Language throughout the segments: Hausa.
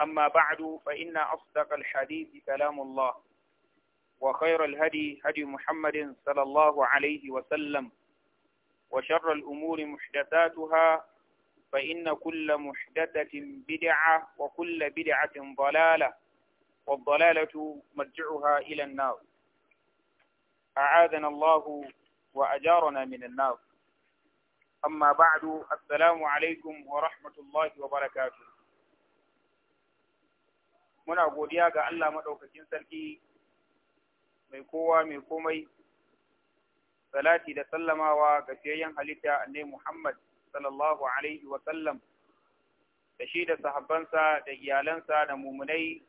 أما بعد فإن أصدق الحديث كلام الله وخير الهدي هدي محمد صلى الله عليه وسلم وشر الأمور محدثاتها فإن كل محدثة بدعة وكل بدعة ضلالة والضلالة مرجعها إلى النار أعاذنا الله وأجارنا من النار أما بعد السلام عليكم ورحمة الله وبركاته muna godiya ga Allah maɗaukakin sarki mai kowa mai komai salati da sallamawa ga fiyayyen halitta annai Muhammad sallallahu alaihi wa sallam da shi da sahabbansa da iyalansa da mumunai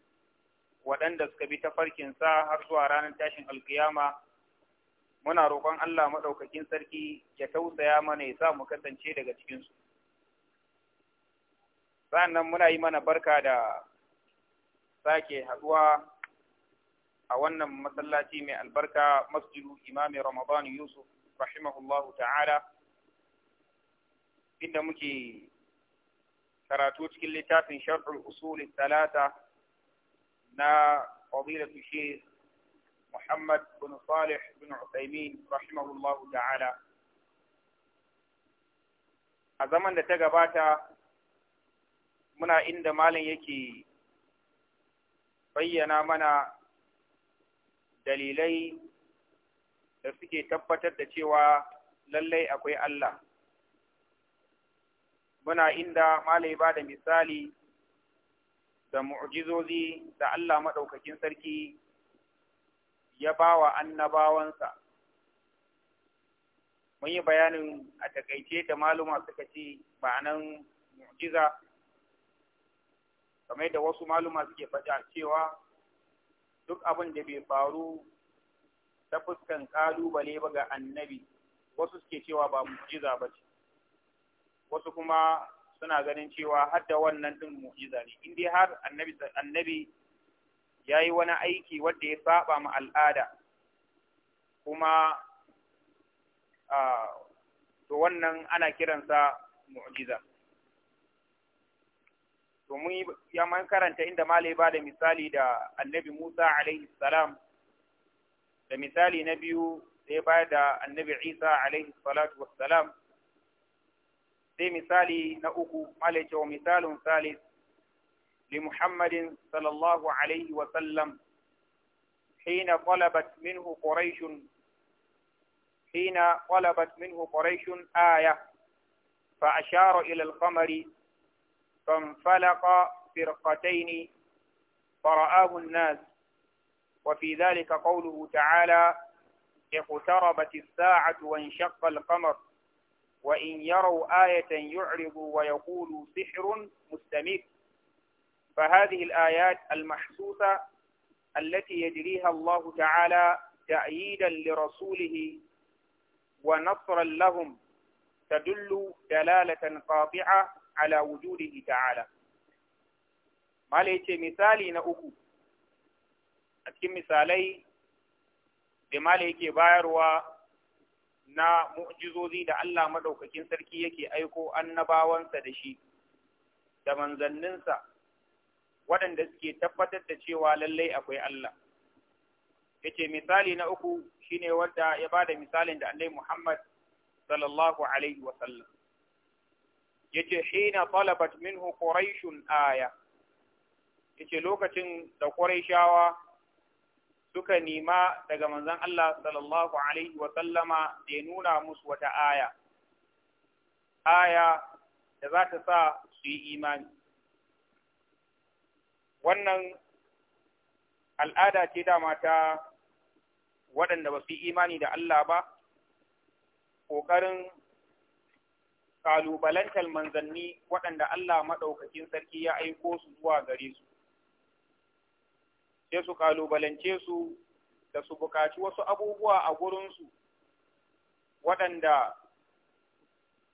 waɗanda suka bi tafarkinsa har zuwa ranar tashin alkiyama muna roƙon Allah maɗaukakin sarki ya tausaya mana ya sa mu kasance daga cikinsu. Sa'an nan muna yi mana barka da sake haduwa a wannan masallaci mai albarka masjidu imami ramadan yusuf rahimahullahu ta'ala inda muke karatu cikin littafin sharhul usul talata na fadilatu shaykh muhammad bin salih bin usaimin rahimahullahu ta'ala a zaman da ta gabata muna inda malam yake bayyana mana dalilai da suke tabbatar da cewa lallai akwai Allah. Muna inda malai ba da misali da mu'jizozi da Allah maɗaukakin sarki ya ba wa annabawansa. Mun yi bayanin a takaice da maluma suka ce ba nan mu'jiza kamar da wasu maluma suke faɗa cewa duk abin da bai faru ta fuskan kalubale ba ga annabi wasu suke cewa ba mu'jiza ba ce wasu kuma suna ganin cewa har da wannan din mu'jiza ne in har annabi annabi yayi wani aiki wanda ya saba ma al'ada kuma ah, to wannan ana kiransa mu'jiza to mun ya man karanta inda malai ba da misali da annabi Musa alaihi salam da misali na biyu sai ba da annabi Isa alaihi salatu wassalam sai misali na uku malai cewa misalun salis li Muhammadin sallallahu alaihi wa sallam حين طلبت منه قريش حين طلبت منه قريش آية فأشار إلى القمر فانفلق فرقتين فرآه الناس وفي ذلك قوله تعالى اقتربت الساعة وانشق القمر وإن يروا آية يعرضوا ويقولوا سحر مستمر فهذه الآيات المحسوسة التي يجريها الله تعالى تأييدا لرسوله ونصرا لهم تدل دلالة قاطعة ala wujudihi ta'ala mala yace misali na uku a cikin misalai da mala yake bayarwa na mu'jizozi da Allah madaukakin sarki yake aiko annabawansa da shi da manzanninsa waɗanda suke tabbatar da cewa lallai akwai Allah yace misali na uku shine wanda ya bada misalin da Annabi Muhammad sallallahu alaihi wa sallam yace hina talabat minhu quraishun aya yace lokacin da quraishawa suka nima daga manzon Allah sallallahu alaihi wa sallama da nuna musu wata aya aya da za ta sa su yi imani wannan al'ada ce dama ta waɗanda ba su yi imani da Allah ba ƙoƙarin kalubalantar manzanni waɗanda Allah maɗaukakin sarki ya aiko su zuwa gare su, sai su kalubalance su da su bukaci wasu abubuwa a gurinsu waɗanda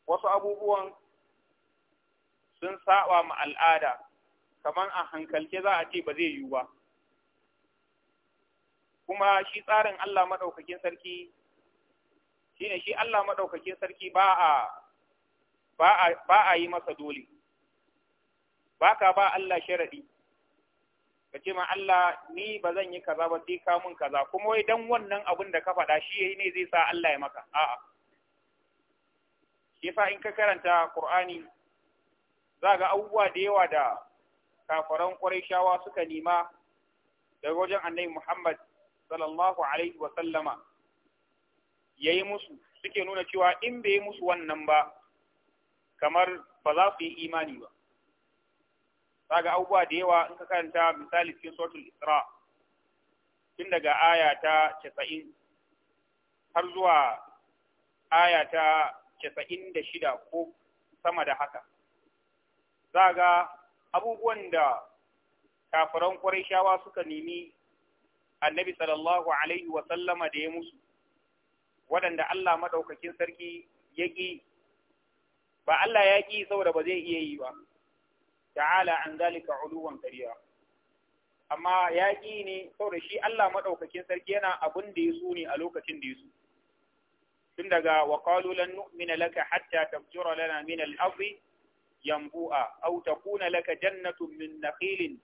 wasu abubuwan sun saɓa ma al'ada, kamar a hankalce za a ce ba zai yiwu ba. Kuma shi tsarin Allah maɗaukakin sarki, shi ne shi Allah maɗaukakin sarki ba a ba a yi masa dole ba ka ba Allah sharaɗi ka ce ma Allah ni ba zan yi kaza ba sai ka mun kaza kuma wai dan wannan abin da ka faɗa shi yayi ne zai sa Allah ya maka a'a shi yasa in ka karanta Qur'ani za ga abubuwa da yawa da kafaran Qurayshawa suka nema daga wajen Annabi Muhammad sallallahu alaihi wa sallama yayi musu suke nuna cewa in bai musu wannan ba kamar ba za su yi imani ba ga abubuwa da yawa in ka karanta misali cikin suratul isra tun daga aya ta casa'in har zuwa aya ta shida ko sama da haka za ga abubuwan da kafiran shawa suka nemi annabi sallallahu alaihi wa da ya musu waɗanda Allah maɗaukakin sarki ya ƙi ba Allah ya ƙi saboda ba zai iya yi ba ta'ala an zalika uluwan kariya amma ya ƙi ne saboda shi Allah maɗaukakin sarki yana abun da ya so ne a lokacin da ya so tun daga wa qalu nu'mina laka hatta tafjura lana min al-ardi yanbu'a aw takuna laka jannatun min nakhilin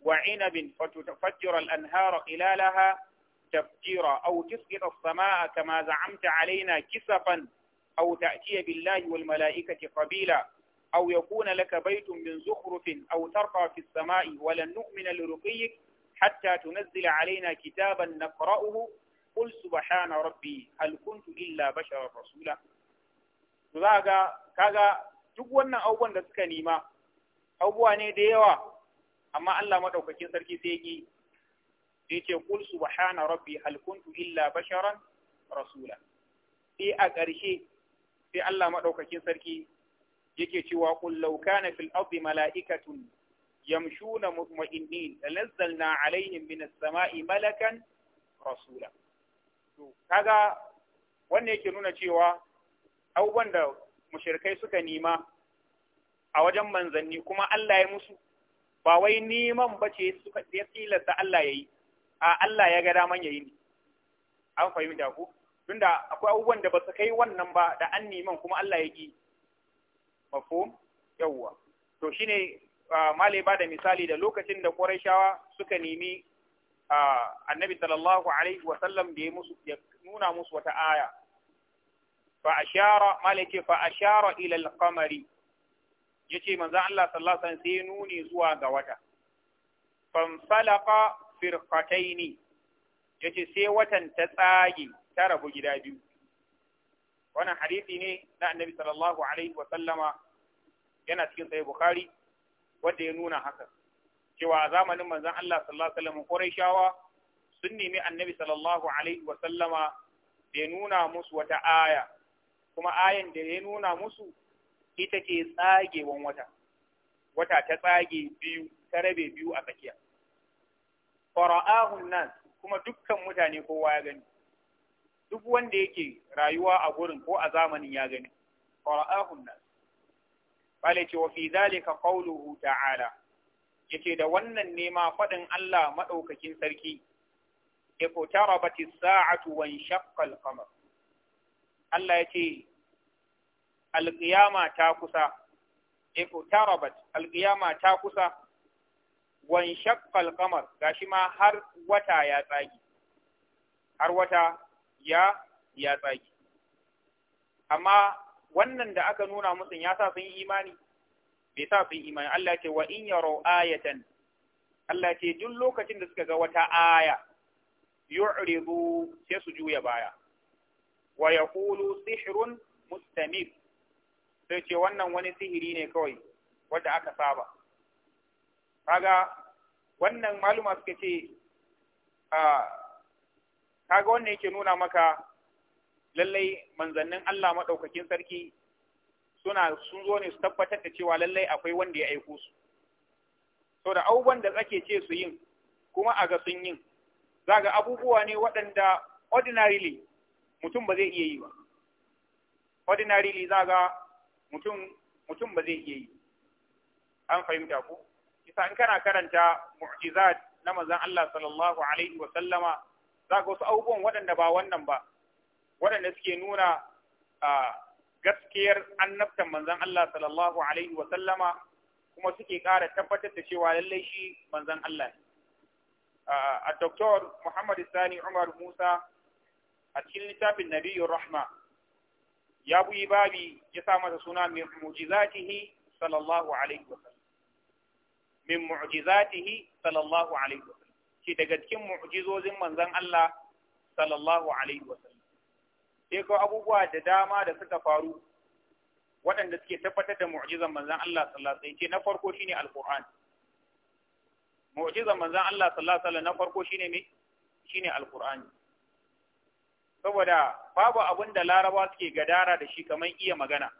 wa 'inabin fatufajjira al-anhara khilalaha tafjira au tusqita as-samaa'a kama za'amta 'alaina kisafan أو تأتي بالله والملائكة قبيلا أو يكون لك بيت من زخرف أو ترقى في السماء ولن نؤمن لرقيك حتى تنزل علينا كتابا نقرأه قل سبحان ربي هل كنت إلا بشرا رسولا kaga kaga duk wannan abubuwan da suka nema abubuwa ne da yawa amma Allah madaukakin sarki sai yi sai ce kul subhana rabbi hal illa basharan rasula a ƙarshe sai Allah madaukakin sarki yake cewa qul law kana fil ardi mala'ikatun yamshuna mutma'innin lanazzalna alaihim minas sama'i malakan rasula to kaga wannan yake nuna cewa abubuwan da mushirikai suka nima a wajen manzanni kuma Allah ya musu ba wai neman ba ce suka tilasta Allah ya yi a Allah ya ga daman ya yi ne an fahimta ku tunda akwai abubuwan da ba su kai wannan ba da an neman kuma Allah ya ƙi mafhum yawwa to shine malai ba da misali da lokacin da Qurayshawa suka nemi annabi sallallahu alaihi wa sallam da ya musu ya nuna musu wata aya fa ashara malai ce fa ashara ila al-qamari yace manzo Allah sallallahu alaihi wasallam sai nuni zuwa ga wata fanfalaqa firqataini yace sai watan ta tsage ta rabu gida biyu wannan hadisi ne na annabi sallallahu alaihi wa sallama yana cikin sahih bukhari wanda ya nuna haka cewa a zamanin manzon Allah sallallahu alaihi wasallam shawa sun nemi annabi sallallahu alaihi wa sallama da ya nuna musu wata aya kuma ayan da ya nuna musu ita ce tsagewan wata wata ta tsage biyu ta rabe biyu a tsakiya fara'ahun nan kuma dukkan mutane kowa ya gani duk wanda yake rayuwa a gurin ko a zamanin ya gani qara'ahun nas bale ce wa fi zalika qawluhu ta'ala yace da wannan nema ma fadin Allah madaukakin sarki tarabati sa'atu wa al qamar Allah yace al-qiyama ta kusa al-qiyama ta kusa wa al qamar gashi ma har wata ya tsagi har wata ya ya tsaki. amma wannan da aka nuna musu ya sa sun yi imani bai sa sun yi imani Allah ce wa in yaro ayatan Allah ce duk lokacin da suka ga wata aya yu'ridu sai su juya baya wa yaqulu sihrun mustamir sai ce wannan wani sihiri ne kawai wanda aka saba kaga wannan maluma suka ce a ah, kaga wannan yake nuna maka lallai manzannin Allah madaukakin sarki suna sun zo ne su tabbatar da cewa lallai akwai wanda ya aiko su to da abubuwan da tsake ce su yin kuma a ga sun yin za ga abubuwa ne waɗanda ordinarily mutum ba zai iya yi ba ordinarily za ga mutum mutum ba zai iya yi an fahimta ku isa in kana karanta mu'jizat na manzon Allah sallallahu alaihi wa sallama za ga wasu abubuwan waɗanda ba wannan ba waɗanda suke nuna gaskiyar annabtan manzan Allah sallallahu alaihi wa sallama kuma suke ƙara tabbatar da cewa lallai shi manzan Allah ne a Dr. Muhammad Sani Umar Musa a cikin littafin Nabiyyar Rahma ya buyi babi ya sa masa suna min mu'jizatihi sallallahu alaihi wa sallam min mu'jizatihi sallallahu alaihi wa sallam ce daga cikin mu'jizozin manzon Allah sallallahu alaihi wa sallam sai ko abubuwa da dama da suka faru waɗanda suke tabbatar da mu'jizan manzon Allah sallallahu alaihi wasallam na farko shine alqur'ani mu'jizan manzon Allah sallallahu alaihi sallam na farko shine me shine alqur'ani saboda babu abin da laraba suke gadara da shi kamar iya magana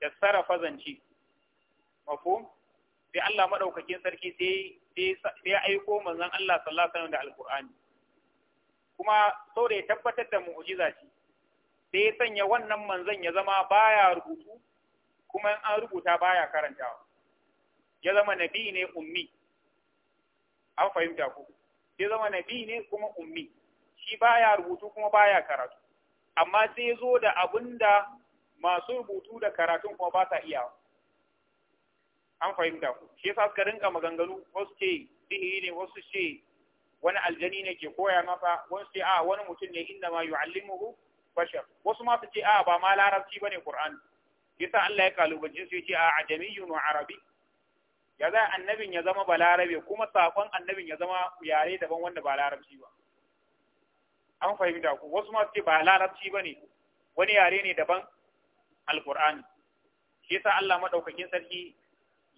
da sarrafa zanci mafhum sai Allah madaukakin sarki sai sai ya aiko manzon Allah sallallahu alaihi da alqur'ani kuma saboda ya tabbatar da mu'jiza ce sai ya sanya wannan manzon ya zama baya rubutu kuma in an rubuta baya karantawa ya zama nabi ne ummi an fahimta ku sai zama nabi ne kuma ummi shi baya rubutu kuma baya karatu amma sai zo da abinda masu rubutu da karatun kuma ba sa iyawa an fahimta ku shi yasa suka rinka maganganu wasu ce sihiri ne wasu ce wani aljani ne ke koya masa wasu ce a ah, wani mutum ne inda ma yu'allimuhu bashar wasu ma su ce a ah, ba ma larabci bane qur'ani yasa Allah ya kalubace su ce a ah, ajamiyyun wa arabi ya za annabin ya zama balarabe kuma sakon annabin ya zama yare daban wanda ba larabci ba an fahimta ku wasu ma su ce ba larabci bane wani yare ne daban alqur'ani shi yasa Allah madaukakin sarki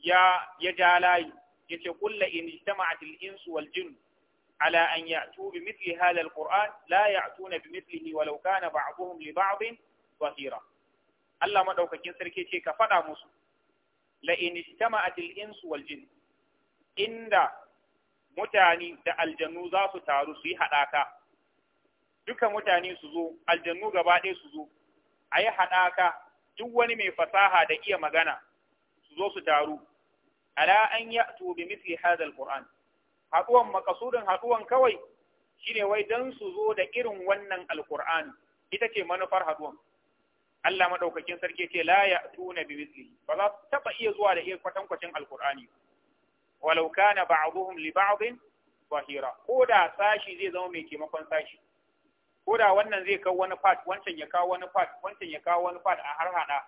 ya ya ja layi yace kullu in ijtama'at al-insu wal jinn ala an ya'tu bi mithli hadha al-Qur'an la ya'tuna bi mithlihi walau kana ba'dhum li ba'dhin zahira Allah madaukakin sarki ce ka fada musu la in ijtama'at al-insu wal jinn inda mutane da aljannu za su taru su yi haɗaka duka mutane su zo aljannu gaba ɗaya su zo a yi haɗaka duk wani mai fasaha da iya magana zo su taru ala an ya'tu bi mithli hada alquran haduwan makasudin haduwan kawai shine wai dan su zo da irin wannan Alƙur'ani. ita ce manufar haduwan Allah madaukakin sarki ce la na bi mithli ba za su taɓa iya zuwa da irin kwatankwacin alqur'ani walau kana ba'dhum li ba'd zahira ko da sashi zai zama mai taimakon sashi ko da wannan zai kawo wani part wancan ya kawo wani part wancan ya kawo wani part a har hada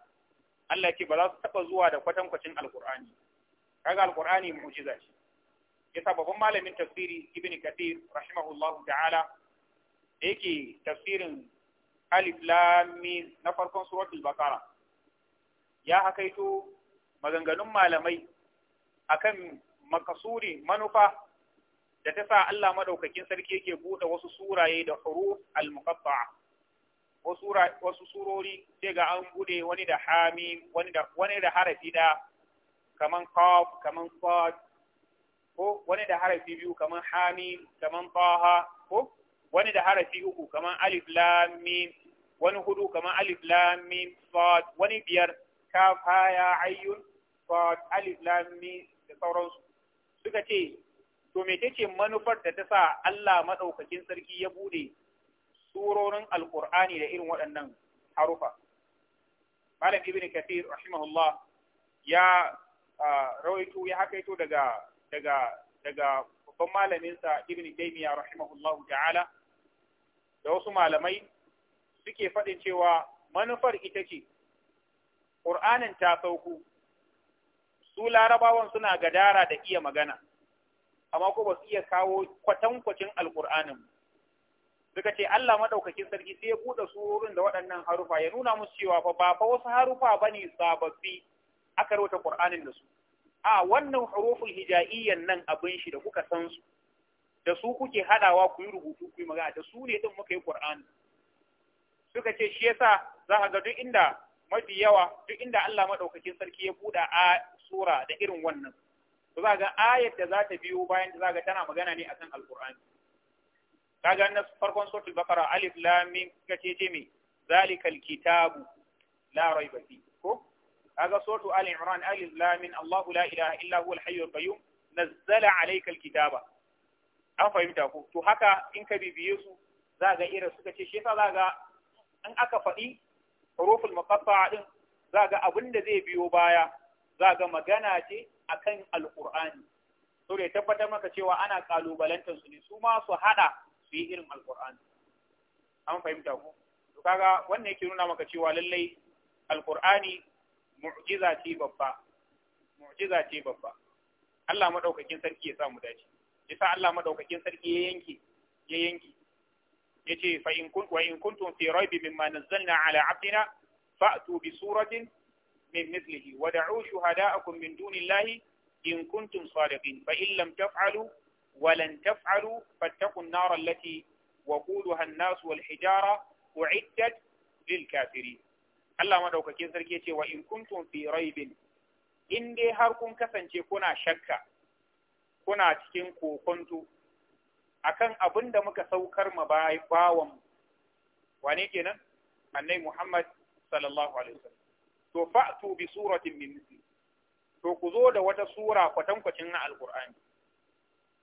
Allah ce ba za su taɓa zuwa da kwatankwacin alkur'ani kaga alkur'ani mu'jiza ce yasa babban malamin tafsiri ibn kathir rahimahullahu ta'ala yake tafsirin alif lam mim na farkon suratul baqara ya hakaito maganganun malamai akan makasuri manufa da ta sa Allah madaukakin sarki yake bude wasu suraye da huruf al-muqatta'a wasu surori sai ga an bude wani da hamim wani da harafi da kaman qaf kaman sad ko wani da harafi biyu kaman hamim kaman taha ko wani da harafi uku kaman alif lam mim wani hudu kaman alif lam mim sad wani biyar kaf ha ya ayyun sad alif lam mim da sauransu suka ce to me take manufar da ta sa Allah madaukakin sarki ya bude surorin alkur'ani da irin waɗannan harufa malam ibn kathir rahimahullah ya rawaito ya hakaito daga daga daga babban malaminsa ibn Taymiyyah rahimahullahu ta'ala da wasu malamai suke faɗin cewa manufar ita ce ƙur'anin ta sauku su larabawan suna gadara da iya magana amma ko ba su iya kawo kwatankwacin alƙur'anin suka ce Allah madaukakin sarki sai ya buɗe surorin da waɗannan harufa ya nuna musu cewa fa ba fa wasu harufa bane sababbi aka rubuta Qur'anin da su a wannan huruful hijaiyyan nan abin shi da kuka san su da su kuke hadawa ku yi rubutu ku yi magana da su ne din muka yi Qur'ani suka ce shi yasa za ka ga duk inda mafi yawa duk inda Allah madaukakin sarki ya buɗe a sura da irin wannan to za ga ayat da za ta biyo bayan da za ga tana magana ne akan alqur'ani kaga na farkon suratul baqara alif lam mim kace ce me zalikal kitabu la raiba fi ko kaga suratul ali imran alif lam mim allah la ilaha illa huwa al-hayyul qayyum nazzala alayka al-kitaba an fahimta ko to haka in ka bibiye su za ga irin suka ce shi za ga in aka faɗi huruful muqatta'a din za ga abin da zai biyo baya za ga magana ce akan alqur'ani so da tabbatar maka cewa ana kalubalantar su ne su ma su hada su yi irin alqur'ani an fahimta ku to kaga wannan yake nuna maka cewa lallai alqur'ani mu'jiza ce babba mu'jiza ce babba Allah madaukakin sarki ya sa mu dace yasa Allah madaukakin sarki ya yanke ya yanke yace fa in kun wa in kuntum fi raybi mimma nazzalna ala abdina fa'tu bi suratin min mithlihi wad'u shuhada'akum min dunillahi in kuntum sadiqin fa in lam taf'alu ولن تفعلوا فاتقوا النار التي وقودها الناس والحجارة أعدت للكافرين Allah madaukakin sarki ya ce wa in kuntum fi raibin in dai har kun kasance kuna shakka kuna cikin kokonto akan abin muka saukar ma bawan wane kenan annai Muhammad sallallahu alaihi wasallam to fa'tu bi suratin min misli to ku zo da wata sura kwatankwacin na alqur'ani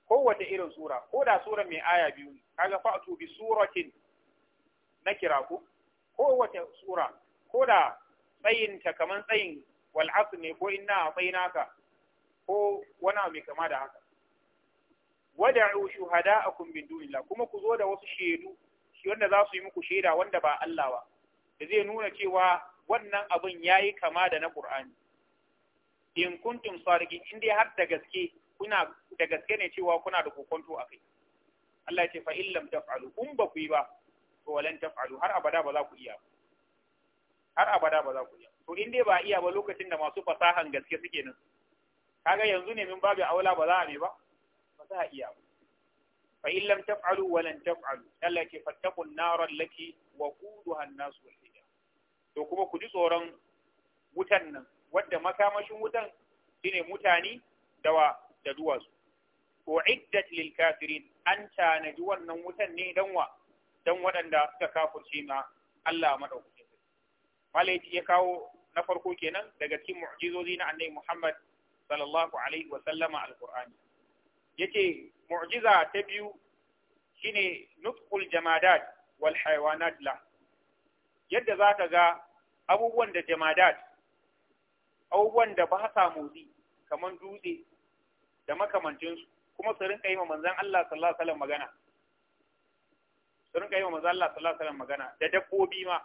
kowace irin sura ko da sura mai aya biyu ne kaga to bi suratin na kira ku kowace sura ko da tsayin ta kaman tsayin wal asr ne ko inna bainaka ko wani mai kama da haka wada'u shuhada'akum min dunillah kuma ku zo da wasu shaidu shi wanda za su yi muku shaida wanda ba Allah ba da zai nuna cewa wannan abin yayi kama da na Qur'ani in kuntum sadiqin in har da gaske kuna da gaske ne cewa kuna da kokonto a kai Allah ya ce fa illam taf'alu in ba ku yi ba to walan taf'alu har abada ba za ku iya har abada ba za ku iya to in dai ba iya ba lokacin da masu fasahan gaske suke nan kaga yanzu ne min babu aula ba za a ne ba ba za a iya fa illam taf'alu walan taf'alu Allah ya ce fattaqun laki wa quduha an-nas wal to kuma ku ji tsoron wutan nan wadda makamashin wutan shine mutane da wa da duwatsu uiddat lil kafirin an tanadi wannan wutan ne dan dan waɗanda suka kafurce ma Allah madaukakin sarki ya kawo na farko kenan daga cikin mu'jizozi na annabi Muhammad sallallahu alaihi wa sallama alqur'ani yace mu'jiza ta biyu shine nutqul jamadat wal hayawanat la yadda zaka ga abubuwan da jamadat abubuwan da ba sa motsi kaman dutse da makamancinsu kuma su rinka yi manzan Allah sallallahu alaihi wasallam magana su rinka yi wa manzan Allah sallallahu alaihi wasallam magana da dabbobi ma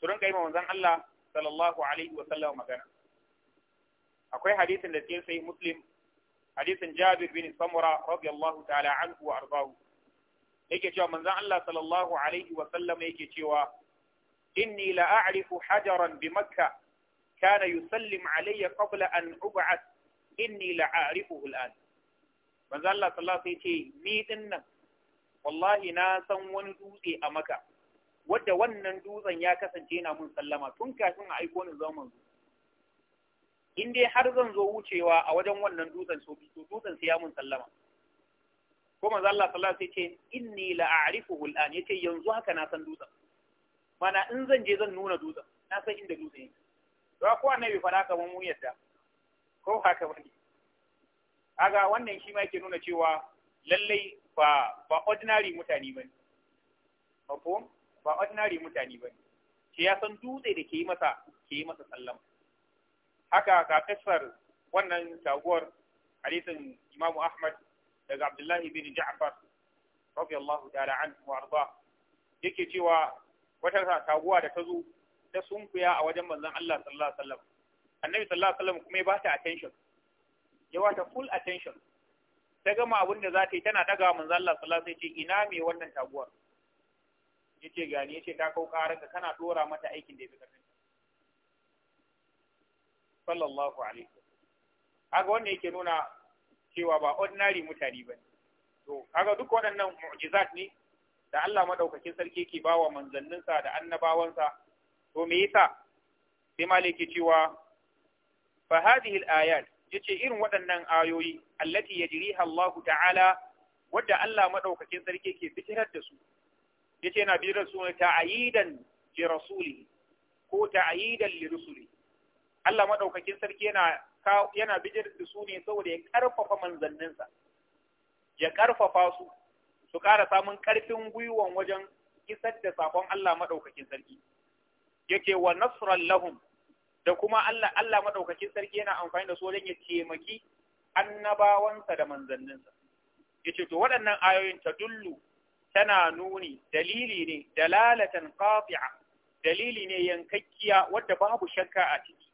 su rinka yi manzan Allah sallallahu alaihi wasallam magana akwai hadisin da cikin sahih muslim hadisin Jabir bin Samura radiyallahu ta'ala anhu wa ardahu yake cewa manzan Allah sallallahu alaihi wasallam yake cewa inni la a'rifu hajaran bi makkah kana yusallim alayya qabla an ub'ath inni la'arifuhu al'an manzo Allah sallallahu alaihi ce ni din nan wallahi na san wani dutse a maka wadda wannan dutsen ya kasance na mun sallama tun kafin a aiko ni zuwa manzo in dai har zan zo wucewa a wajen wannan dutsen so to dutsen sai ya mun sallama ko manzo Allah sallallahu alaihi ce inni la'arifuhu al'an yace yanzu haka na san dutsen mana in zan je zan nuna dutsen na san inda dutsen yake to ko annabi fara kaman mu yadda ko haka bane kaga wannan shi ma yake nuna cewa lallai ba ba ordinary mutane bane ko ba ordinary mutane bane shi ya san dutse da ke yi masa ke yi masa sallama haka ka kasar wannan taguwar hadisin Imam Ahmad daga Abdullahi bin Ja'far radiyallahu ta'ala anhu wa arda yake cewa wata taguwa da ta zo ta sunkuya a wajen manzon Allah sallallahu alaihi wasallam annabi sallallahu alaihi wasallam kuma ya bata attention ya bata full attention ta gama abin da za ta yi tana daga manzo Allah sallallahu alaihi wasallam ce ina me wannan taguwar yace gani yace ta kau karanka kana dora mata aikin da ya fi karfin sallallahu alaihi haka wannan yake nuna cewa ba ordinary mutane ba to haka duk waɗannan mu'jizat ne da Allah madaukakin sarki yake bawa manzanninsa da annabawansa to me yasa sai malaki cewa fa Hadihil al-ayat yace irin waɗannan ayoyi allati yajriha Allah ta'ala wadda Allah madaukakin sarki ke fitirar da su yace yana bi rasu ta'ayidan li rasuli ko ta'ayidan li Allah madaukakin sarki yana yana da su ne saboda ya ƙarfafa manzanninsa ya ƙarfafa su su ƙara samun ƙarfin gwiwan wajen isar da sakon Allah Maɗaukakin sarki yake wa nasran lahum da kuma Allah Allah madaukakin sarki yana amfani da su wajen ya taimaki annabawansa da manzanninsa yace to waɗannan ayoyin ta dullu tana nuni dalili ne dalalatan qati'a dalili ne yankakkiya wadda babu shakka a ciki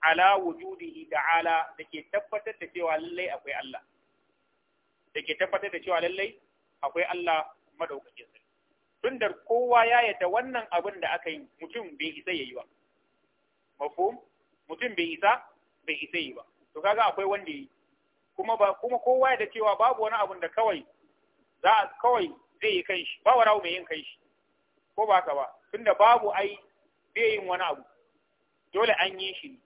ala wujudihi ta'ala dake tabbatar da cewa lallai akwai Allah dake tabbatar da cewa lallai akwai Allah madaukakin sarki tunda kowa ya yadda wannan abin da aka yi mutum bai isa yayi ba mafhum mutum bai isa bai isa yi ba to kaga akwai wanda yi kuma ba kuma kowa da cewa babu wani abun da kawai za a kawai zai yi kai shi ba wa abu mai yin kai shi ko ba ka ba tunda babu ai zai yin wani abu dole an yi shi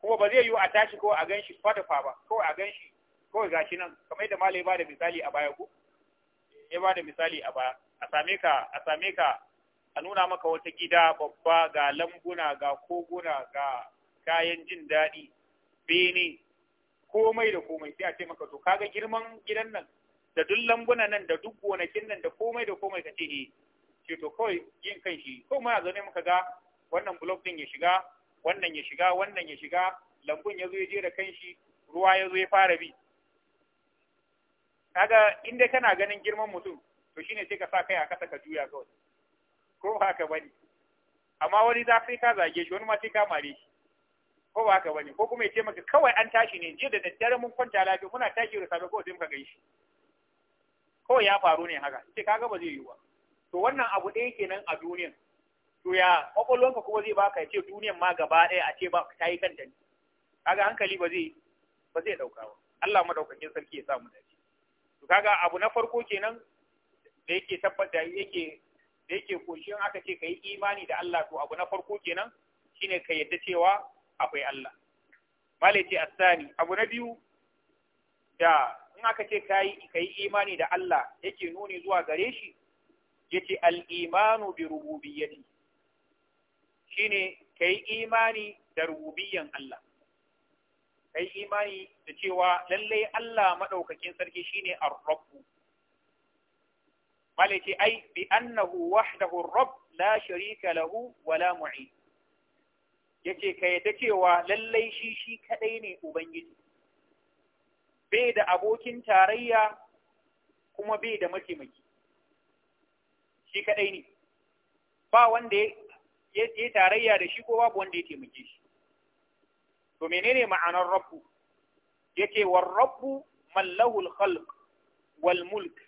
kuma ba zai yi a tashi ko a ganshi shi fatafa ba ko a ganshi? Ko ko gashi nan kamar yadda malai ba da misali a baya ko ya ba da misali a baya a same ka a same ka a nuna maka wata gida babba ga lambuna ga koguna ga kayan jin daɗi bene komai da komai sai a ce maka to kaga girman gidan nan da duk lambuna nan da duk gonakin nan da komai da komai ka ce eh ce to kawai yin kan shi komai a zane muka ga wannan blok din ya shiga wannan ya shiga wannan ya shiga lambun ya zo ya je da kanshi ruwa ya zo ya fara bi kaga inda kana ganin girman mutum to shine sai ka sa kai a kasa ka juya kawai ko ba ka bane amma wani za sai ka zage shi wani ma sai ka mare shi ko ba ka bane ko kuma ya ce maka kawai an tashi ne jiya da daddare mun kwanta lafiya muna tashi da safe ko sai muka gaishe ko ya faru ne haka ce kaga ba zai yi ba to wannan abu ɗaya kenan a duniyan to ya ka kuma zai baka ya ce duniyan ma gaba ɗaya a ce ba ta yi kanta ne kaga hankali ba zai ba zai ɗauka ba Allah madaukakin sarki ya samu dace to kaga abu na farko kenan da yake tabbata yake da yake koshi aka ce ka imani da Allah to abu na farko kenan shine ka yadda cewa akwai Allah malai ce asani abu na biyu da in aka ce kai yi imani da Allah yake nuni zuwa gare shi yace al-imanu bi rububiyyati shine kai imani da rububiyyan Allah kai imani da cewa lallai Allah madaukakin sarki shine ar-rabb malaki ai bi annahu wahdahu rabb la sharika lahu wala mu'in yace ka yadda cewa lallai shi shi kadai ne ubangiji bai da abokin tarayya kuma bai da mataimaki shi kadai ne ba wanda ya yi tarayya da shi ko babu wanda ya taimake shi to menene ma'anar rabbu yace war rabbu man lahu al-khalq wal mulk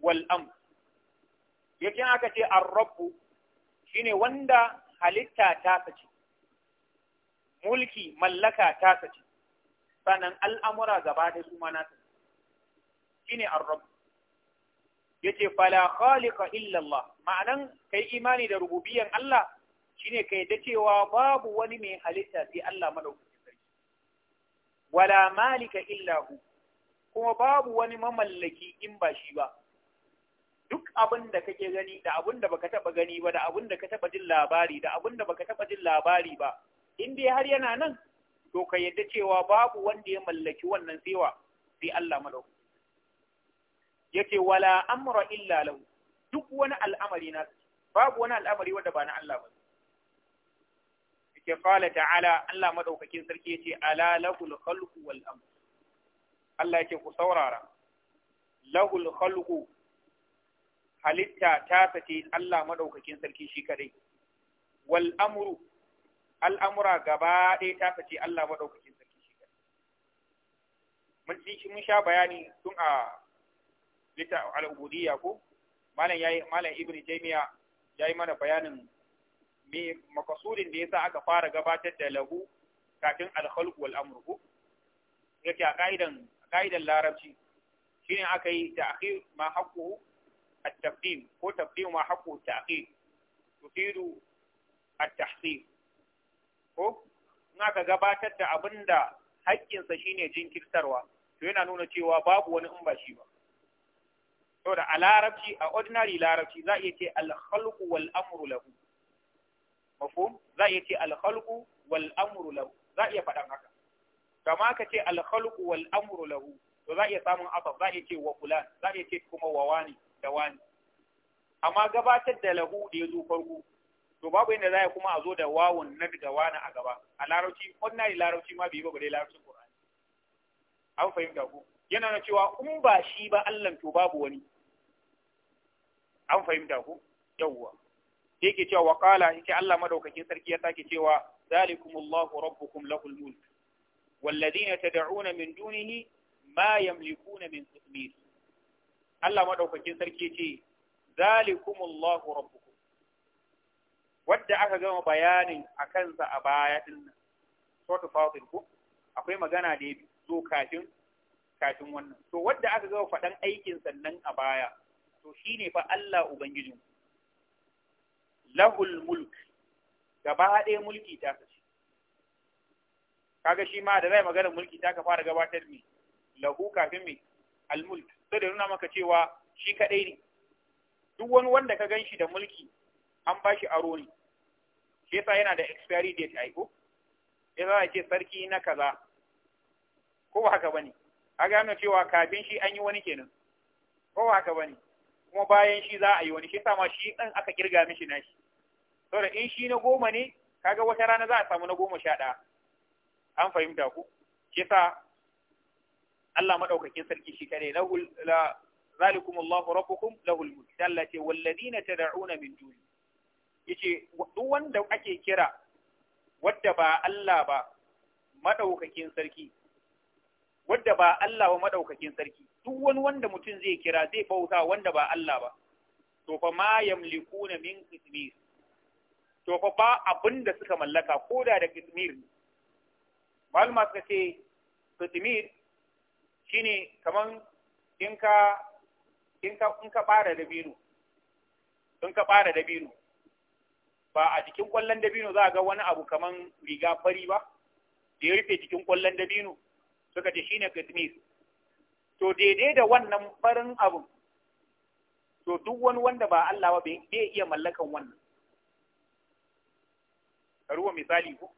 wal amr yakin aka ce ar shi ne wanda halitta ta sace mulki mallaka ta sace sannan al'amura gaba da su mana ta shine ar-rabbu yace fala khaliqa illa Allah ma'anan kai imani da rububiyar Allah shine kai da cewa babu wani mai halitta sai Allah madaukakin sarki wala malika illa hu kuma babu wani mamallaki in ba shi ba duk abin da kake gani da abin da baka taba gani ba da abin da ka taba jin labari da abin da baka taba jin labari ba in dai har yana nan to ka yadda cewa babu wanda ya mallaki wannan tsewa sai Allah madau yace wala amra illa lahu duk wani al'amari na babu wani al'amari wanda ba na Allah ba yake qala ta'ala Allah madaukakin sarki yace ala al khalqu wal amr Allah yake ku saurara al khalqu halitta ta sace Allah madaukakin sarki shi kadai wal amru al'amura gaba ɗaya ta sace Allah madaukakin sarki shi kadai mun mun sha bayani tun a lita al-ubudiyya ko malam yayi malam ibnu taymiya yayi mana bayanin me makasudin da yasa aka fara gabatar da lahu kafin al-khalq wal amru ko yake a ka'idan ka'idan larabci shine aka yi ta'khir ma haqquhu التقديم هو تقديم ما حقه التعقيد تفيد التحصيل ko in aka gabatar da abin da haƙƙinsa shine jinkirtarwa to yana nuna cewa babu wani in ba shi ba saboda a larabci larabci za a iya ce alhalku wal amru lahu mafhum za a iya ce alhalku wal amru lahu za a iya faɗan haka kama ka ce alhalku wal amru lahu to za a iya samun asaf za a iya ce wa fulan za a iya ce kuma wa wani da amma gabatar da lahu da ya zo farko to babu inda za kuma a zo da wawun na daga wani a gaba a larauci Wannan larauci ma bai yi ba bare laraucin qur'ani an fahimta ko yana na cewa in ba shi ba Allah to babu wani an fahimta ko yawwa yake cewa wa qala yake Allah madaukakin sarki ya sake cewa zalikumullahu rabbukum lahul mulk والذين tad'una min dunihi ma yamlikuna min قطمير Allah madaukakin sarki ce zalikumullahu rabbukum wadda aka gama bayanin a kansa a baya din nan sort of fasil ku, akwai magana da ya zo kafin kafin wannan to wadda aka gama faɗan aikin sannan a baya to shine fa Allah ubangijin lahul mulk gaba ɗaya mulki ta sace kaga shi ma da zai magana mulki ta ka fara gabatar mi lahu kafin mi al mulk sai da nuna maka cewa shi kaɗai ne duk wani wanda ka gan shi da mulki an ba shi aro ne shi yasa yana da expiry date aiko sai yasa a ce sarki na kaza ko ba haka bane a gano cewa kafin shi an yi wani kenan ko ba haka bane kuma bayan shi za a yi wani shi yasa ma shi ɗan aka kirga mishi nashi saboda in shi na goma ne kaga wata rana za a samu na goma sha ɗaya an fahimta ku shi yasa Allah madaukakin sarki shi kare lahul la zalikum Allahu rabbukum lahul mulk Allah ce walladina tad'una min duni yace duk wanda ake kira wadda ba Allah ba madaukakin sarki wadda ba Allah ba madaukakin sarki duk wani wanda mutum zai kira zai bauta wanda ba Allah ba to fa ma yamlikuna min qismis to fa ba abinda suka mallaka koda da qismir malama suka ce qismir shine kaman in ka in ka in ka bara dabino in ka bara dabino ba a jikin kwallon dabino za a ga wani abu kaman riga fari ba da ya rufe jikin kwallon dabino suka ce shine kitmis to daidai da wannan farin abu to duk wani wanda ba Allah ba bai iya mallakan wannan ruwa misali ko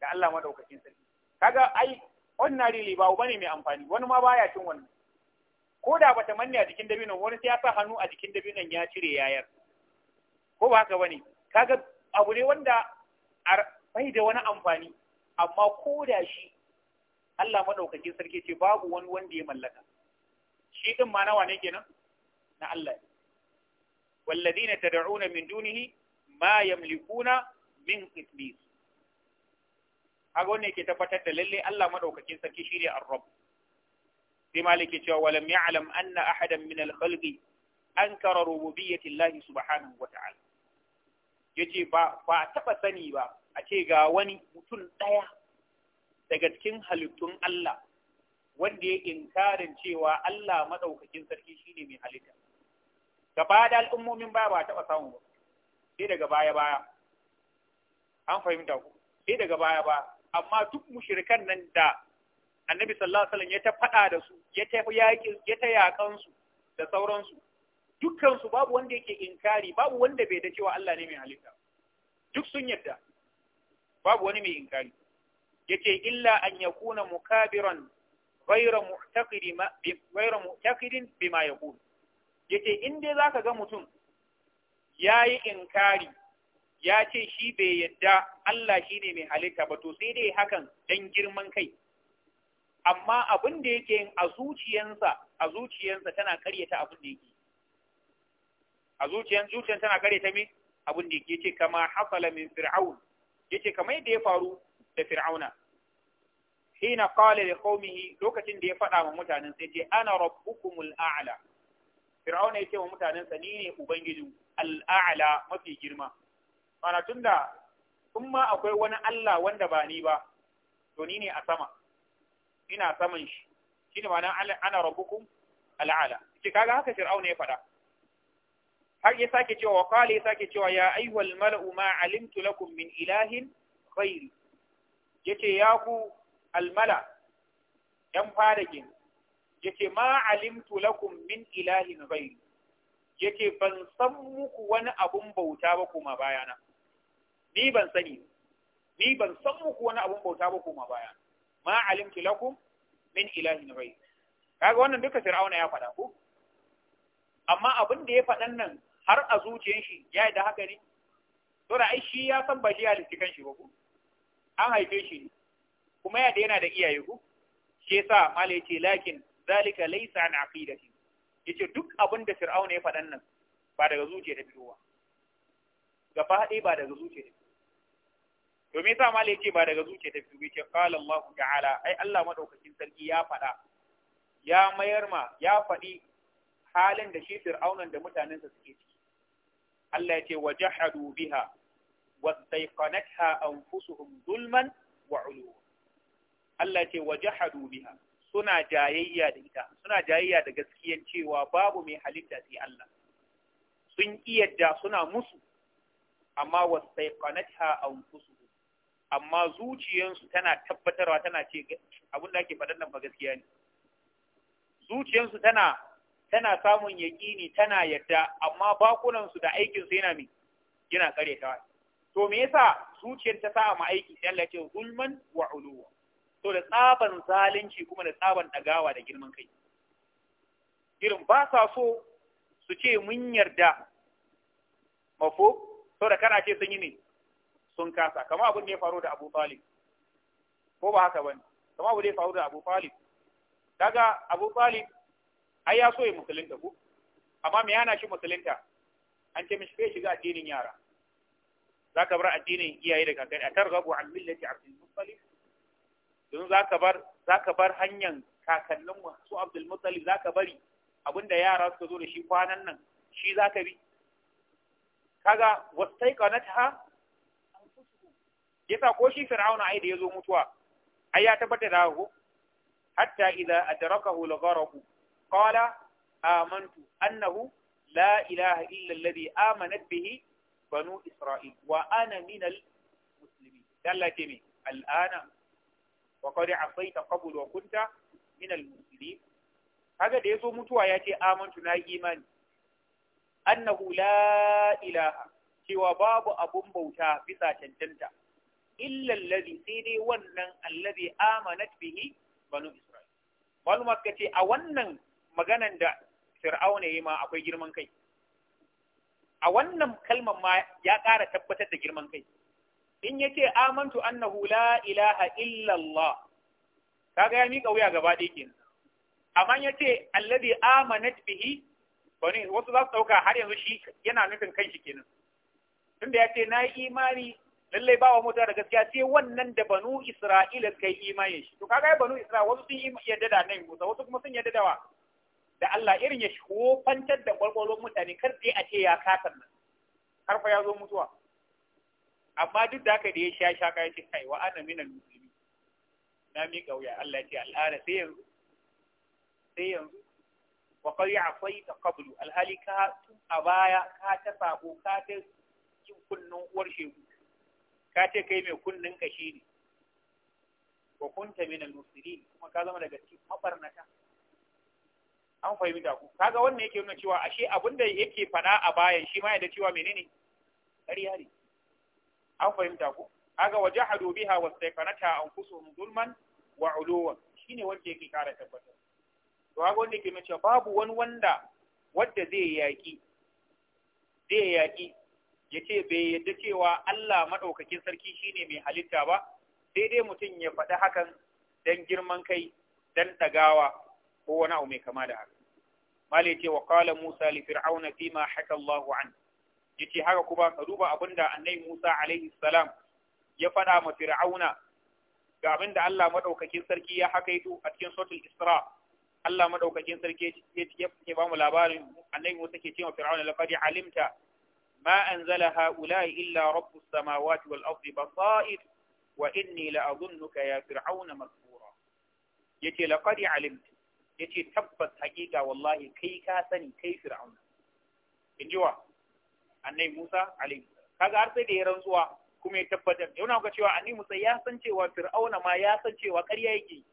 da Allah madaukakin sarki kaga ai ordinarily ba bane mai amfani wani ma baya cin wannan ko da bata manne a jikin dabinon wani sai ya sa hannu a jikin dabinon ya cire yayar ko ba haka bane kaga abu ne wanda bai da wani amfani amma ko da shi Allah madaukakin sarki ce babu wani wanda ya mallaka shi din ma nawa ne kenan na Allah والذين تدعون من دونه ما يملكون من قطمير kaga wannan yake tabbatar da lalle Allah madaukakin sarki shi ne ar-rabb sai maliki cewa walam ya'lam anna ahadan min al-khalqi ankara rububiyyati Allah subhanahu wa ta'ala yace ba ba taba sani ba a ce ga wani mutum daya daga cikin halittun Allah wanda ya inkarin cewa Allah madaukakin sarki shine mai halitta gaba da al'ummomin baya ba taba samu ba sai daga baya baya an fahimta ku sai daga baya baya. amma duk mushrikan nan da annabi sallallahu alaihi wasallam ya ta fada da su ya ta yaki ya ta yakan su da sauransu dukkan su babu wanda yake inkari babu wanda bai da cewa Allah ne mai halitta duk sun yadda babu wani mai inkari yace illa an yakuna mukabiran ghayra mu'taqidi ghayra mu'taqidin bima yaqul yace in dai zaka ga mutum yayi inkari ya ce shi bai yadda Allah shi ne mai halitta ba to sai dai hakan dan girman kai amma abin da yake yin a zuciyansa a zuciyansa tana karyata abin da yake a zuciyan zuciyan tana karyata mai abin da yake ce kama hasala min fir'aun ce kama yadda ya faru da fir'auna hina qala da komihi lokacin da ya faɗa wa mutanen sai ce ana rabbukumul a'ala. fir'auna ya ce wa mutanen sa ni ne Ubangiji al'a'la mafi girma mana tunda in ma akwai wani Allah wanda ba ni ba to ni ne a sama ina saman shi shine mana ana rabbukum al'ala ki kaga haka fir'auna ya faɗa har ya sake cewa wa qali ya sake cewa ya ayyuhal mala'u ma alimtu lakum min ilahin ghairi yace ya ku almala yan fadakin yace ma alimtu lakum min ilahin ghairi yace ban san muku wani abun bauta ba kuma bayana ni ban sani ni ban san muku wani abun bauta ba kuma baya ma alimtu lakum min ilahin ghayr kaga wannan duka fir'auna ya faɗa ko amma abin da ya faɗan nan har a zuciyar shi ya yi da haka ne to da ai shi ya san ba shi halitta kan shi ba ko an haife shi ne kuma ya da yana da iyaye ko shi yasa mala yace lakin zalika laysa an aqidati yace duk abin da fir'auna ya faɗan nan ba daga zuciyar da fitowa ga faɗi ba daga zuciyar da to me yasa yake ba daga zuciya ta fito ce qala Allah ta'ala ai Allah madaukakin sarki ya faɗa ya mayar ma ya faɗi halin da shi fir'aunan da sa suke ciki Allah ya ce wajahadu biha wastaiqanatha anfusuhum zulman wa uluwa Allah ya ce wajahadu biha suna jayayya da ita suna jayayya da gaskiyan cewa babu mai halitta sai Allah sun iyadda suna musu amma wastaiqanatha anfusuhum amma zuciyansu tana tabbatarwa tana ce abin da ake faɗin nan ba gaskiya ne zuciyansu tana tana samun yaƙini tana yadda amma bakunansu da aikinsu yana mai yana karyatawa to me yasa zuciyar ta sa ma aiki sai Allah ya ce zulman wa uluwa to da tsaban zalunci kuma da tsaban dagawa da girman kai irin ba sa so su ce mun yarda mafo to da kana ce sun yi ne sun kasa kamar abin da ya faru da Abu Talib ko ba haka bane kamar abin da ya faru da Abu Talib daga Abu Talib ai ya so ya musulunta ku amma me yana shi musulunta an ce mishi kai shiga addinin yara zaka bar addinin iyaye da kakanni atarghabu an millati Abdul Muttalib don zaka bar zaka bar hanyar kakannin su Abdul Muttalib zaka bari abinda yara suka zo da shi kwanan nan shi zaka bi kaga wastaiqanatha yasa ko shi fir'auna ai da yazo mutuwa ai ya tabbata da ku. hatta idza adrakahu al-gharq qala amantu annahu la ilaha illa alladhi amanat bihi banu isra'il wa ana min al-muslimin dalla kimi al'ana wa qad asaita qabl wa kunta min al-muslimin kaga da yazo mutuwa yace amantu na imani annahu la ilaha cewa babu abun bauta bisa cancanta illa alladhi sai dai wannan alladhi amanat bihi banu isra'il banu makka ce a wannan maganan da fir'auna yayi ma akwai girman kai a wannan kalmar ma ya ƙara tabbatar da girman kai in yace amantu annahu la ilaha illa allah kaga ya mika wuya gaba ɗaya kenan amma yace alladhi amanat bihi banu wasu za su dauka har yanzu shi yana nufin shi kenan tunda ya ce na yi imani lallai ba wa mota da gaskiya sai wannan da banu isra'ila suka yi imani shi to kaga banu isra'ila wasu sun yadda da nan musa wasu kuma sun yadda da wa da Allah irin ya shofantar da kwalkwalon mutane kar sai a ce ya kasar nan har fa ya zo mutuwa amma duk da haka da ya sha sha ya ce kai wa ana minal muslimi na mi kauya Allah ya ce al'ara sai yanzu sai yanzu wa qad ya'faita qablu alhali ka tun a baya ka ta sabo ka ta kin kunnun uwar shegu ka ce kai mai kunnin kashi ne Ko kunta min al musiri kuma ka zama daga cikin mabarnata an fahimta ku kaga wannan yake nuna cewa ashe abinda yake fada a bayan shi ma ya cewa menene ƙarya ne an fahimta ku kaga wajahadu biha wastayqanata anfusuhum zulman wa uluwa shine wanda yake kara tabbatar to kaga wanda yake nuna cewa babu wani wanda wanda zai yaki zai yaki ya ce bai yadda cewa Allah maɗaukakin sarki shine mai halitta ba daidai mutum ya faɗi hakan don girman kai don ɗagawa ko wani abu mai kama da haka Mali ce wa qala musa li fir'auna ma haka Allah an yace haka kuma ka duba abinda annai Musa alaihi salam ya faɗa ma fir'auna ga abinda Allah maɗaukakin sarki ya hakaito a cikin suratul isra' Allah maɗaukakin sarki ya ba mu labarin annai Musa ke ma Fir'auna lafadi alimta ما أنزل هؤلاء إلا رب السماوات والأرض بصائر وإني لأظنك يا فرعون مذكورا يتي لقد علمت يتي تبت حقيقة والله كي كاسني كي فرعون إنجوا أني موسى عليه kaga har sai da ya rantsuwa kuma ya tabbatar na ga cewa annabi Musa ya san cewa Fir'auna ma ya san cewa ƙarya yake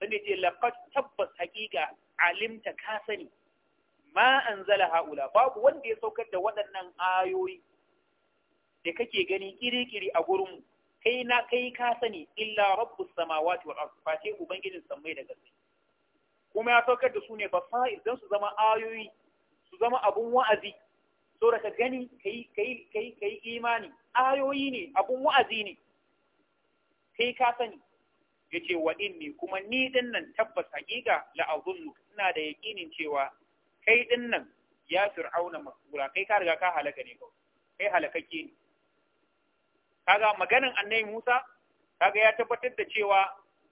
sai ce laqad tabbas haqiqa alimta ka sani ma anzala haula babu wanda ya saukar da waɗannan ayoyi da kake gani kirikiri a gurin kai na kai ka sani illa rabbus samawati wal ardi ubangijin sammai da gaske kuma ya saukar da su ne basa'ir idan su zama ayoyi su zama abun wa'azi so da ka gani kai kai imani ayoyi ne abun wa'azi ne kai ka sani yace wa inni kuma ni dinnan nan tabbas hakika la azunnu ina da yaƙinin cewa kai din nan ya fir'auna makura kai ka riga ka halaka ne kawai kai halakakke ne kaga maganin annabi Musa kaga ya tabbatar da cewa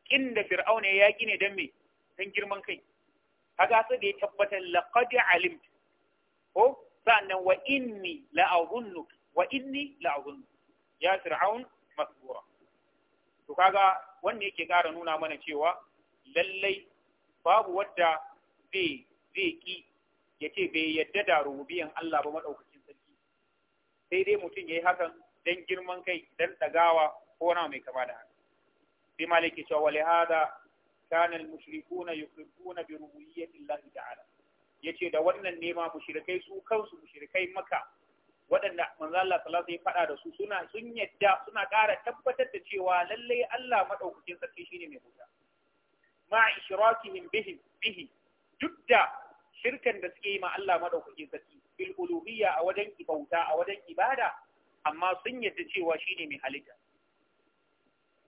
kin da fir'auna ya yaki ne dan me dan girman kai kaga sai da ya tabbatar laqad alim ko sannan wa inni la azunnuk wa inni la azunnuk ya fir'aun masbura to kaga wanda yake ƙara nuna mana cewa lallai babu wadda zai zai ki ya bai yadda da rububiyan Allah ba maɗaukacin sarki sai dai mutum ya yi hakan don girman kai don ɗagawa ko na mai kama da haka sai maliki cewa Lahada, hada kana mushrikuna yukrifuna bi rububiyyati Allah ta'ala yace da wannan nema mushrikai su kansu mushrikai maka waɗanda manzo Allah sallallahu alaihi faɗa da su suna sun yadda suna ƙara tabbatar da cewa lallai Allah madaukakin sarki shine mai huta ma ishrakihim bihi bihi duk da shirkan da suke yi ma Allah madaukakin sarki bil uluhiyya a wajen ibauta a wajen ibada amma sun yadda cewa shine mai halitta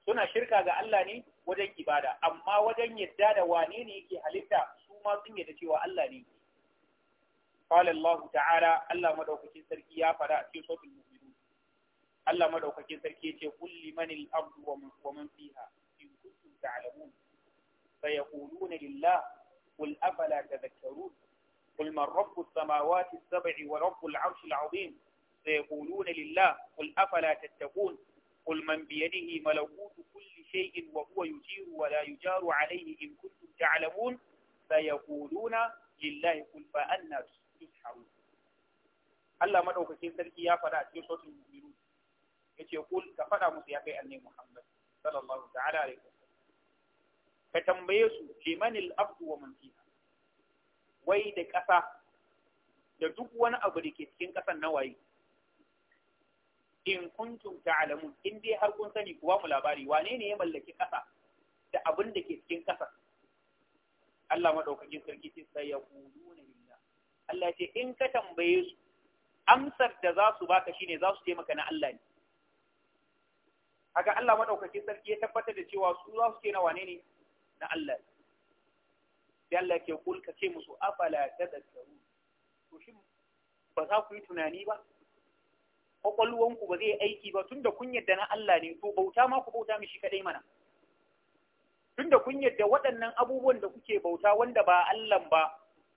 suna shirka ga Allah ne wajen ibada amma wajen yadda da wane ne yake halitta su ma sun yadda cewa Allah ne qala Allah ta'ala Allah madaukakin sarki ya fara a cikin suratul mu'minun Allah madaukakin sarki yace kul limanil ardu wa man fiha in kuntum ta'lamun sayaquluna lillah قل أفلا تذكرون قل من رب السماوات السبع ورب العرش العظيم سيقولون لله قل أفلا تتقون قل من بيده ملكوت كل شيء وهو يجير ولا يجار عليه إن كنتم تعلمون سيقولون لله قل فأنا تسحرون ألا madaukakin sarki ya faɗa فلا cikin sautin mu'minun yace kul ka faɗa musu ya kai annabi Muhammad ka tambaye su limanil abdu wa man fiha wai da ƙasa da duk wani abu da ke cikin ƙasan na waye in kuntum ta'lamun in dai har kun sani kuwa mu labari wane ne ya mallaki ƙasa da abin da ke cikin ƙasa Allah madaukakin sarki sai sai ya kuluna billah Allah ce in ka tambaye su amsar da za su baka shine za su taimaka na Allah ne haka Allah madaukakin sarki ya tabbatar da cewa su za su ce na wane ne na Allah sai Allah ke kulka ce musu afala tadakkaru to shin ba za ku yi tunani ba kwakwalwanku ba zai aiki ba tunda kun yadda na Allah ne to bauta ma ku bauta mishi kadai mana tunda kun yadda waɗannan abubuwan da kuke bauta wanda ba Allah ba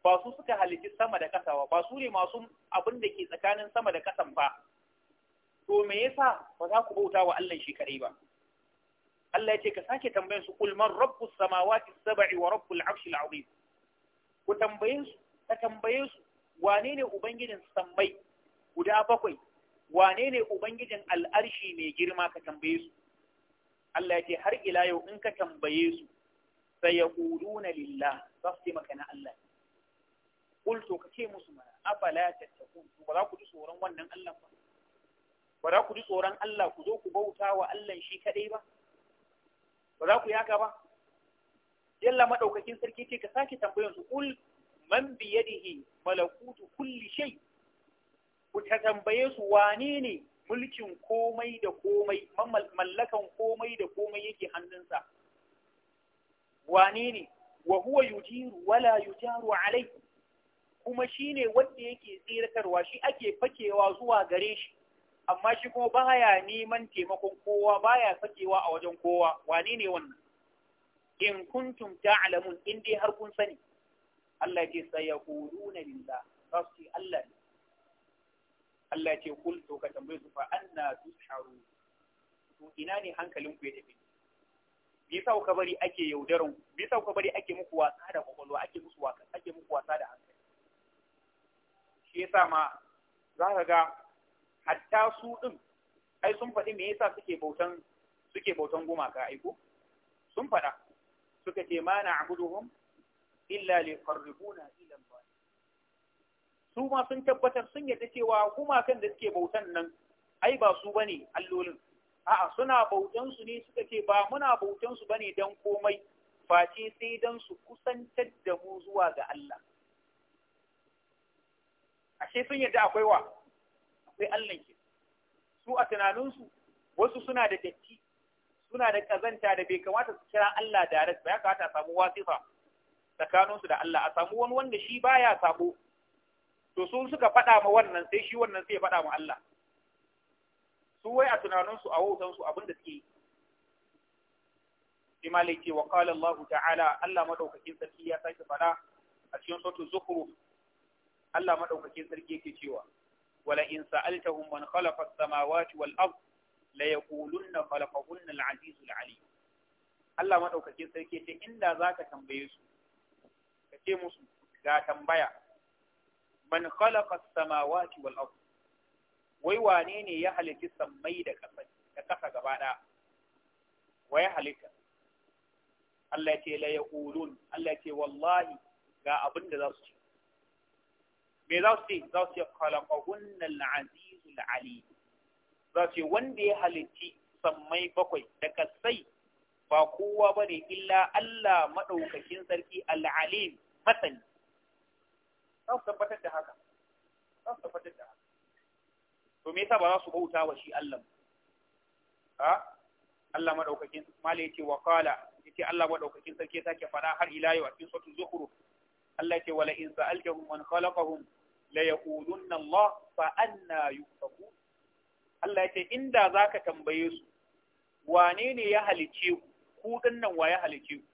ba su suka halitti sama da ƙasa ba ba su ne masu abin da ke tsakanin sama da ƙasan ba to me yasa ba za ku bauta wa Allah shi kadai ba Allah ya ce ka sake tambayin su kul man rabbus samawati sab'i wa Rabbu arshil azim ku tambayin su ka tambaye su wane ne ubangijin sammai guda bakwai wane ne ubangijin al'arshi mai girma ka tambaye su Allah ya ce har ila yau in ka tambaye su sai ya kuluna lillah za su taimaka na Allah Kul to ka ce musu mana afala tattakun ba za ku ji tsoron wannan Allah ba ba za ku ji tsoron Allah ku zo ku bauta wa Allah shi kadai ba ba za ku yaka ba yalla madaukakin sarki ce ka sake tambayan su kul man bi yadihi malakutu kulli shay ku ta tambaye su wane ne mulkin komai da komai mallakan komai da komai yake hannunsa wane ne wa huwa yujiru wala yujaru alai kuma shine wanda yake tsirkarwa shi ake fakewa zuwa gare shi amma shi kuma ya neman taimakon kowa ba ya sakewa a wajen kowa wani ne wannan in kuntum ta'lamun in dai har kun sani Allah ce sayaquluna lillah rasul Allah ne Allah ce kul to ka tambaye su fa anna tusharu to ina ne hankalin ku ya tafi me yasa kuka bari ake yaudaran ku me yasa kuka bari ake muku wasa da kwakwalwa ake musu wasa ake muku wasa da hankali shi yasa ma za ka ga hatta su din ai sun faɗi me yasa suke bautan suke bautan gumaka aiko sun faɗa suka ce ma na'buduhum illa liqarribuna ilan ba. su ma sun tabbatar sun yadda cewa gumakan da suke bautan nan ai ba su ba ne, allolin a'a suna bautan su ne suka ce ba muna bautan su ne don komai face sai don su kusantar da mu zuwa ga Allah ashe sun yadda akwai wa akwai Allah ke su a tunaninsu wasu suna da datti suna da kazanta da bai kamata su kira Allah da rasu. ba ya kamata a samu wasifa tsakaninsu da Allah a samu wani wanda shi ba ya sabo to sun suka faɗa ma wannan sai shi wannan sai ya faɗa ma Allah su wai a tunaninsu a wautansu abin da suke yi shi ma laike wa qala Allah ta'ala Allah madaukakin sarki ya sake faɗa a cikin sautin zukhruf Allah madaukakin sarki yake cewa wala in sa'altahum man khalaqa as-samawati wal ard la yaqulunna khalaqahunna al-azizul alim Allah madaukakin sarki ce inda za ka tambaye su ka ce musu ga tambaya man khalaqa as-samawati wal ard wai wane ne ya halitta sammai da ƙasa da ƙasa gaba ɗaya wa ya halitta Allah ce la yaqulun Allah ce wallahi ga abin da za su ce me za su ce za su ce khalaqahunna azizul ali za su ce wanda ya halitti sammai bakwai da kasai ba kowa bane illa Allah maɗaukakin sarki al-alim masani za su tabbatar da haka za su tabbatar da haka to me yasa ba za su bauta wa shi Allah ha Allah maɗaukakin mala ce wa ya ce Allah maɗaukakin sarki ya sake fara har ila yau a cikin suratul zukhruf Allah ce wala in sa'altahum man khalaqahum la yaqulunna Allah fa anna yufaku Allah yace inda zaka tambaye su wane ne ya halice ku ku dinnan wa ya halice ku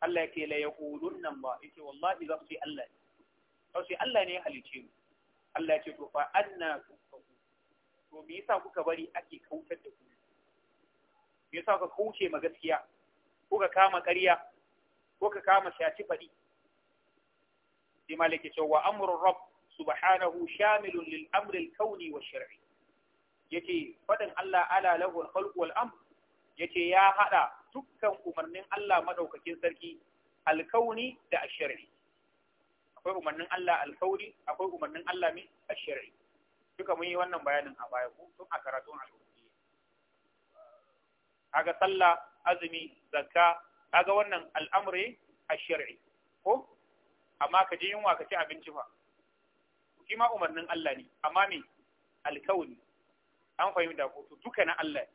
Allah yake la yaqulunna Allah yace wallahi za su Allah ne sai Allah ne ya halice mu Allah yace to fa anna tufaku to me yasa kuka bari ake kautar da ku me yasa ka kauce ma gaskiya ko ka kama ƙarya ko ka kama shaci faɗi sai malik ya ce wa amrun rabb subhanahu shamilun lil amri al kauni wa shar'i yake fadin Allah ala lahu al khalq wal amr yake ya hada dukkan umarnin Allah madaukakin sarki al kauni da al shar'i akwai umarnin Allah al kauni akwai umarnin Allah mi al shar'i duka mun yi wannan bayanin a baya ko tun a karatun al kaga sallah azumi zakka kaga wannan amri a shar'i ko amma ka ji yunwa ka ci abinci fa shi ma umarnin Allah ne amma me alkauni an fahimta ko to duka na Allah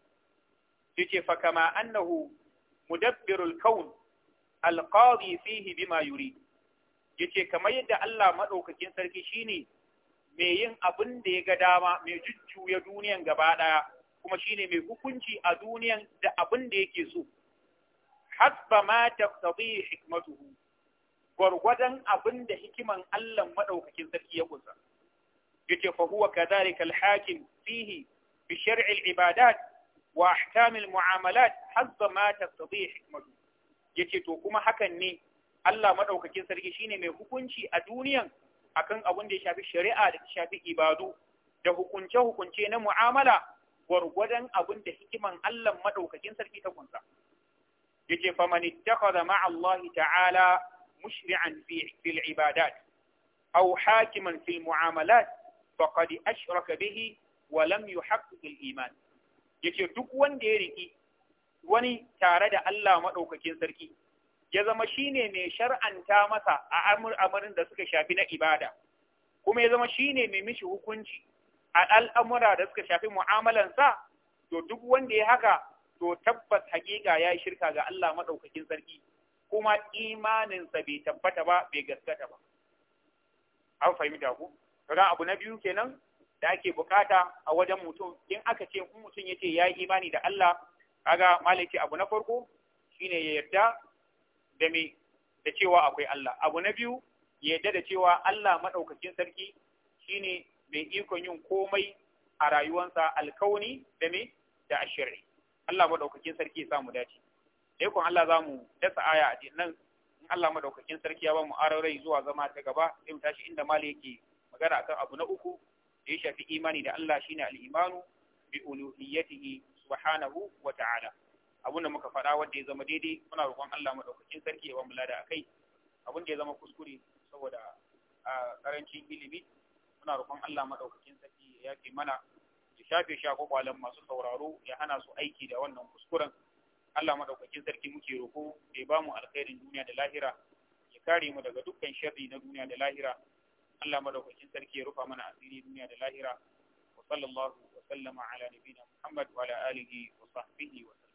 yace fa kama annahu mudabbirul kaun alqadi fihi bima yuri yace kamar yadda Allah madaukakin sarki shine mai yin abin da ya ga dama mai jujjuya duniyan gaba daya kuma shine mai hukunci a duniyan da abin da yake so hasba ma taqtabi hikmatuhu gwargwadon abin da hikiman Allah maɗaukakin sarki ya kusa yace fa huwa kadhalika al-hakim fihi fi shar'i ibadat wa ahkam al-mu'amalat hazza ma tastati hikmatu to kuma hakan ne Allah maɗaukakin sarki shine mai hukunci a duniyan akan abin da ya shafi shari'a da shafi ibadu da hukunce-hukunce na mu'amala gwargwadon abin da hikiman Allah maɗaukakin sarki ta kunsa yake faman ittakhadha ma'a ta'ala مشرعا في العبادات أو حاكما في المعاملات فقد أشرك به ولم يحقق الإيمان yace duk wanda ya riki wani tare da Allah maɗaukakin sarki ya zama shine mai shar'anta masa a al'amarin da suka shafi na ibada kuma ya zama shine mai mishi hukunci a al'amura da suka shafi mu'amalansa to duk wanda ya haka to tabbas haƙiƙa ya yi shirka ga Allah maɗaukakin sarki kuma imaninsa bai tabbata ba bai gaskata ba an fahimta ku kaga abu na biyu kenan da ake bukata a wajen mutum in aka ce in mutum ya ce ya yi imani da Allah kaga malaki abu na farko shine ya yarda da me da cewa akwai Allah abu na biyu ya yarda da cewa Allah madaukakin sarki shine mai ikon yin komai a rayuwansa alkauni da me da ashiri Allah madaukakin sarki ya samu dace da kun Allah za mu dasa aya a nan in Allah madaukakin sarki ya ba mu rai zuwa zama ta gaba sai mu tashi inda mali yake magana akan abu na uku da ya shafi imani da Allah shine al-imanu bi uluhiyyatihi subhanahu wa ta'ala abun da muka faɗa wanda ya zama daidai muna roƙon Allah madaukakin sarki ya ba mu lada akai abun da ya zama kuskure saboda a karancin ilimi muna roƙon Allah madaukakin sarki ya yake mana ya shafe shakwakwalan masu sauraro ya hana su aiki da wannan kuskuren Allah madaukakin sarki muke roko da ba mu alkhairin duniya da lahira ya kare mu daga dukkan sharri na duniya da lahira Allah madaukakin sarki ya rufa mana asiri duniya da lahira wa sallallahu wa sallama ala nabiyina Muhammad wa ala alihi wa sahbihi wa sallam